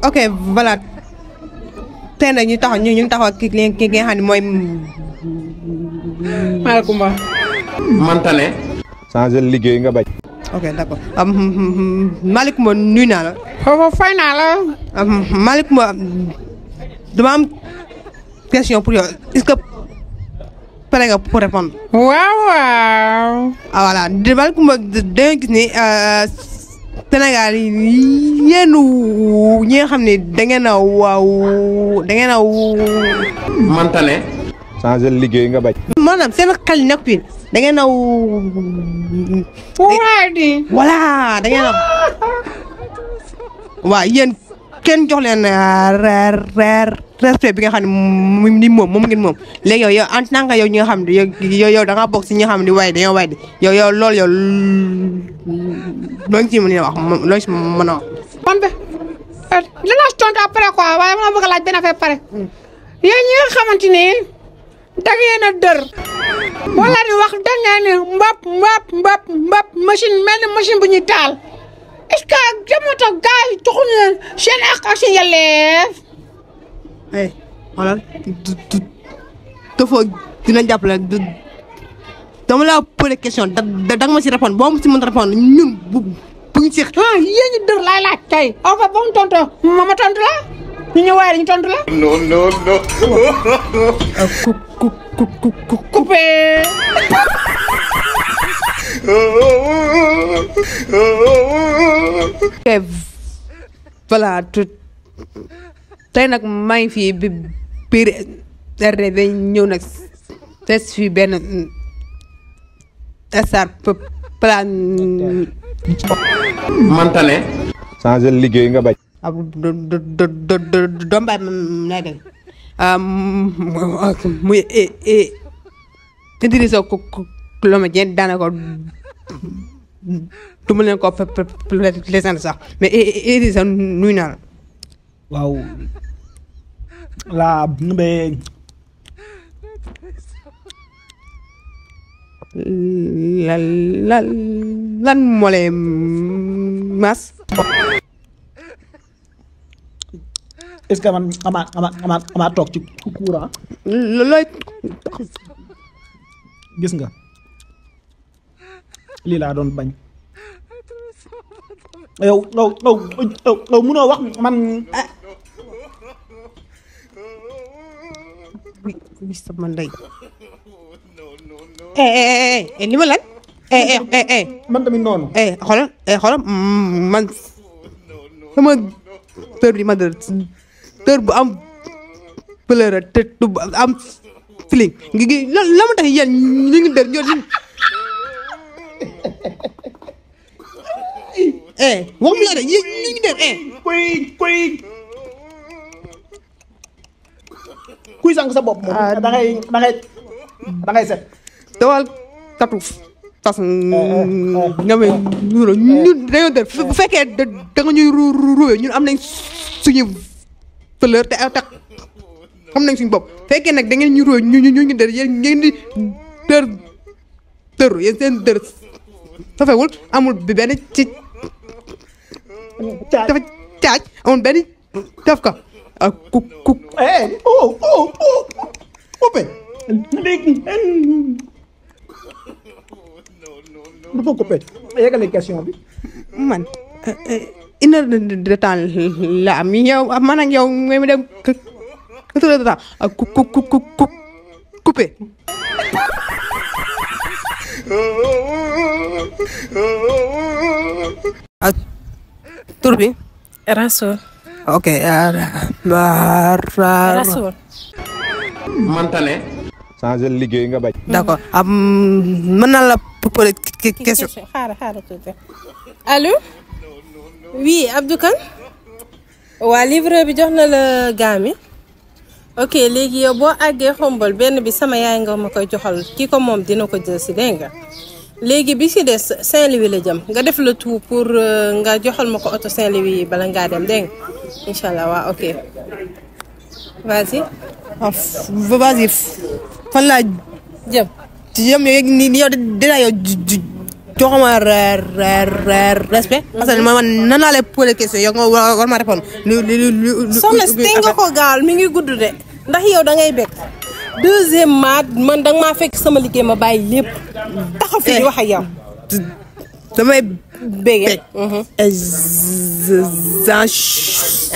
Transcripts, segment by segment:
ok voilà tey nag ñu taxaw ñu ñu taxaw ki ki nga xam ne mooy. nga bañ. ok d' accord Malick Mo nuyu naa la. foofu ah, hmm, hmm. question pour yow est que pare nga pour waaw waaw. ah voilà Malick Sénégal yi yéen ñi nga xam ne da ngeen a waaw da ngeen a. man tane. changer liggéey nga bañ. maanaam seen xel nekkuñ da ngeen a. fu waay di. voilà da ngeen waa yéen. kenn jox leen euh, respect bi nga xam ne ni moom moom ngeen moom léegi yow yow en tant que yow ñi nga xam ne yow yow da ngaa bokk si ñi nga xam ne waaye dañoo waay di yow yow loolu yow loo ci mën a wax loo ci mën a wax. kon bi euh, dinaa si tontu après quoi waaye ma bëgg a laaj benn affaire pare yéen ñi nga xamante ni da ngeen a dër. wala ni wax da ngeen ni mbap mbap mbap mbap machine mel ni machine bu ñuy taal. est-ce que jamono tax gars yi joxuñu leen seen àq ak seen yelleef. eh xoolal dafa dinañ jàppale dama la posé question da da nga ma si répondre boo ma si mën répondre ñun bu bu ñu si. ah yéen ñu dër laay laaj tey en fait ba mu tontu ma ma tontu la ñu ñu waaye dañu tontu la. non non non. Ah, ku ku ku ku ku coupé. Oh, oh, oh, kay voilà tout tey nag maa ngi fii bi biir RDV ñëw nag fees fii benn star plan mantane changé liggéey nga bañ ab dombaay naa kay muy Idrissa Koloma Dieng daana ko Toumoulenko plaisante sax mais Idrissa nuyu naa la. waaw laa be. la la lan moo lay mas. est-ce que man ama ama ama ama toog ci courant. looy. gis nga lii laa doon bañ. yow yow yow yow yow mënoo wax man ah bi sama ndey eh eh li ma eh eh eh eh man tamit noonu eh kalo, eh kalo man sama tër bi ma am pleur te tu am feeling gigi, lama ma tax yeen ñu ngi dër eh, eh. waxuñu mm, eh, eh, la de ñu ñu ngi def eh. kuy kuy. kuy sànq sa bopp moom. da ngay da ngay da ngay set. dawal katuuf. tas nga ñu ñun fekkee da nga ñuy ruwee ñu am nañ suñu valeur te te xam nañ suñu bopp fekkee nag da ngeen ñu ruwee ñu ñu dër dër yéen seen dër safewul amul Tava. Tá. On Benny. Tava. Ey. Oh, oh, oh. Open. Liegen. Não vou copiar. É que ele quer assim, óbvio. Mano. Ina da ta la mi yow manang yow ngay mi dem kutu da ta ku ku ku ku ku coupé à tur bi. Rasoul. ok. Rasoul. mantane. changer liggéey nga bañ. d'accord am naa la poser question. xaaral xaaral tuuti allo. oui Abdou waa livreur bi jox na la gaa ok léegi yow boo àggee xombol benn bi sama yaay nga ma koy joxal kii ko moom dina ko jël si léegi bi ci des Saint-Louis la jëm nga def le tout pour euh, nga joxal ma ko oto Saint-Louis yi bala ngaa dem dégg nga ok vas-y. waaw ah, vas-y respect. parce que man nan laa lay nga war ma répondre. lu lu lu soxna si nga ko gaal mi ndax yow da ngay deuxièmement man danga maa fekk sama liggéey ma bàyyi lépp taxaw fi wax ak yow eh, damay mhm. eh,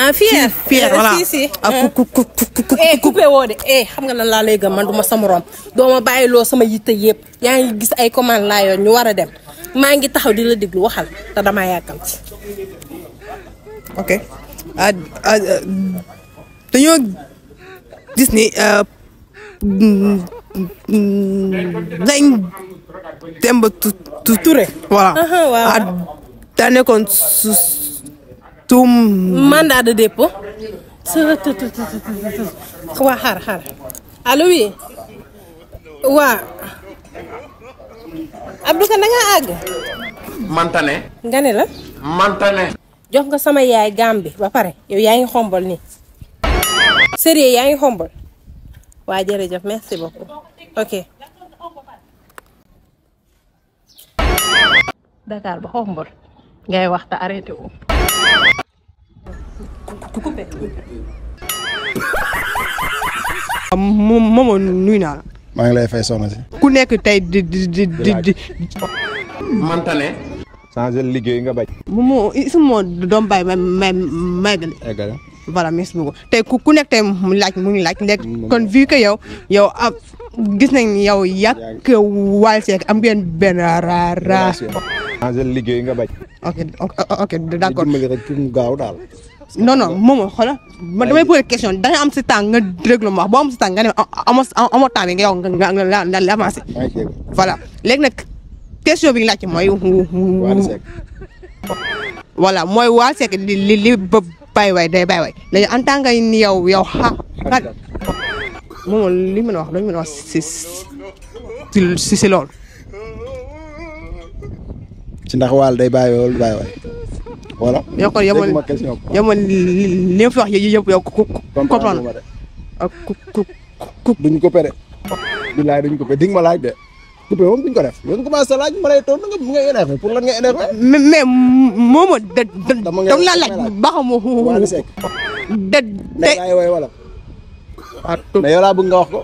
ah fier fier voilà eh coupé woo eh xam nga lan laa lay gëm man du ma sa morom sama yitte gis ay commande laa ñu dem maa ngi taxaw di la déglu waxal te dama yàkkal ci ok ah, ah, euh, dañoo gis ni euh, Ngagne Demba Touré. voilà ah daa nekkoon su tuum. mandat de waa xaar xaar allo waa Abdou Ka da Mantane. nga la. Mantane. jox nga sama yaay gaam bi ba pare yow yaa ngi xombal nii. sérieux yaa ngi xombal. Wajar aja, merci beaucoup oke Dakar ba hombor ngay ta arrêté wu momo moomo nuy naa la ngi lay fay sonna di ku nek tay di di di di di mantane changer liguey nga isu mo dom bay may may may voilà merci beaucoup tey ku ku nekk tey mu laaj mu ngi laaj léegi kon vu que yow yow am ah, gis nañ yow yàq Wally Seck am ngeen benn ra ra. liggéey nga bañ. ok ok d' accord gaaw daal. non non moom xoolal man damay posé question da nga am si temps nga déglu ma wax boo am si temps nga ne ah, amoo amoo temps bi nga yow nga nga nga avancé. voilà léegi nag question bi ñu laaj mooy. Wally Seck. voilà mooy Wally Seck li li li bàyyi waay day bàyyi waay léegi en tant que ni yow yow xa xa moom li mën a wax dañu mën a wax si si si loolu. ci ndax waal day bàyyi waay bàyyi waay. voilà yow kon yow ma yow ma li ma fi wax yëpp yow ku ku comprendre ah, ku ku ku. duñ ko péré. bilaay duñ ko péré di nga ma laaj de. coupé moom duñ ko def yow commencé laaj ma lay toog nga mu ngay énervé pour lan nga énervé. mais mais Momo da da la laaj ba xamoo. Wally Seck da da ay way wala. mais yow laa bëgg nga wax ko.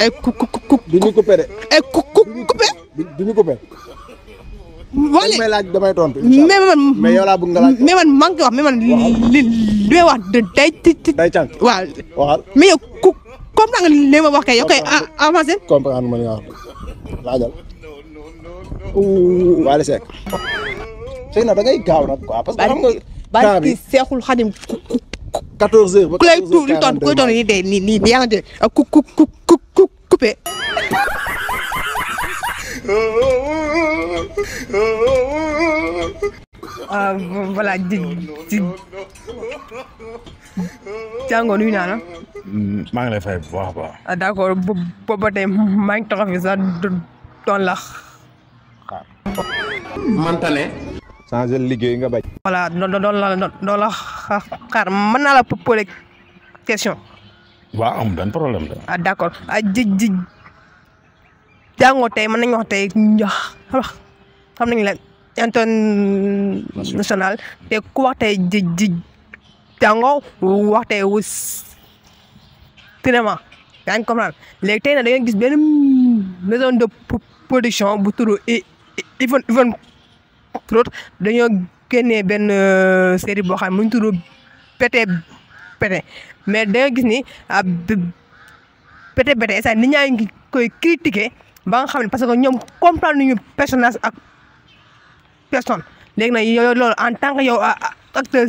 ay ku ku ku du ñu coupé de. ay ku ku coupé. du ñu coupé. Wally may laaj damay tontu. mais man mais yow laa bëgg nga laaj. mais man maa ngi wax mais man li li may wax day. day càng waaw. waxal mais yow ku comprendre nga li ma wax kay yow kay avancé. comprendre ma li nga wax. laajal Wally Seck sëy na da ngay gaaw nag quoi parce que bi seexul xadim quatorze heures li toon ku lay toon nii de nii nii naa la maa ngi lay fay a baax. Ah, d' accord boobu ba tey maa ngi taxaw fi sax doon la xaar. changer liggéey nga bañ. voilà doon doon la doon la xaar mën la question. waaw am benn problème de. ah d' accord ah ji ji jàngoo tey mën nañu wax tey xam nañu la international te ku wax tey ji ji jàngoo wax tey wu cinéma yaa ngi comprendre léegi tey nag da ngeen gis benn maison de production bu turu Even Even Prod dañoo génnee benn euh, série boo xam ne mu ngi turu pété pété mais da gis ni ah pété pété est nit ñaa koy critiquer ba nga parce que ñoom comprendre nañu personnage ak personne léegi nag yow loolu en tant que yow acteur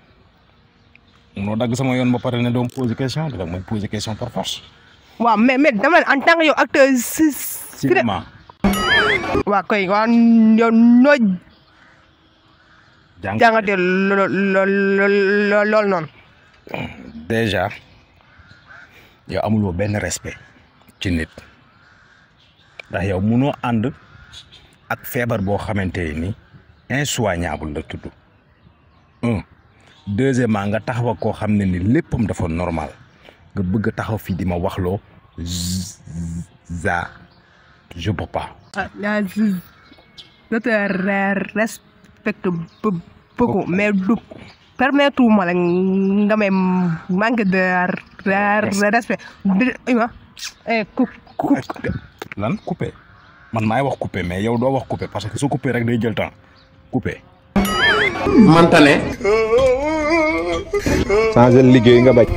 mo dag sama yon ba pare ne do poser question da mo poser question par force. wa mais mais dama en tant que yow acteur cinéma. wa koy waaw yo no jangate lol lol non déjà yo ya amul wo ben respect ci nit ndax yow ya munoo and ak fièvre bo xamante ni insoignable eh, la tuddu un. Hmm deuxièmement nga taxaw ko xamné ni léppam dafa normal nga bëgg taxaw fi dima ma waxloo za je peux pas. ah la je te respecte beaucoup mais du permettre ma la nga même manque de respect bi eh coupe lan coupé man may wax coupé mais yow do wax coupé parce que su coupé rek day jël temps coupé. mantane ne. changé liggéey nga bañ.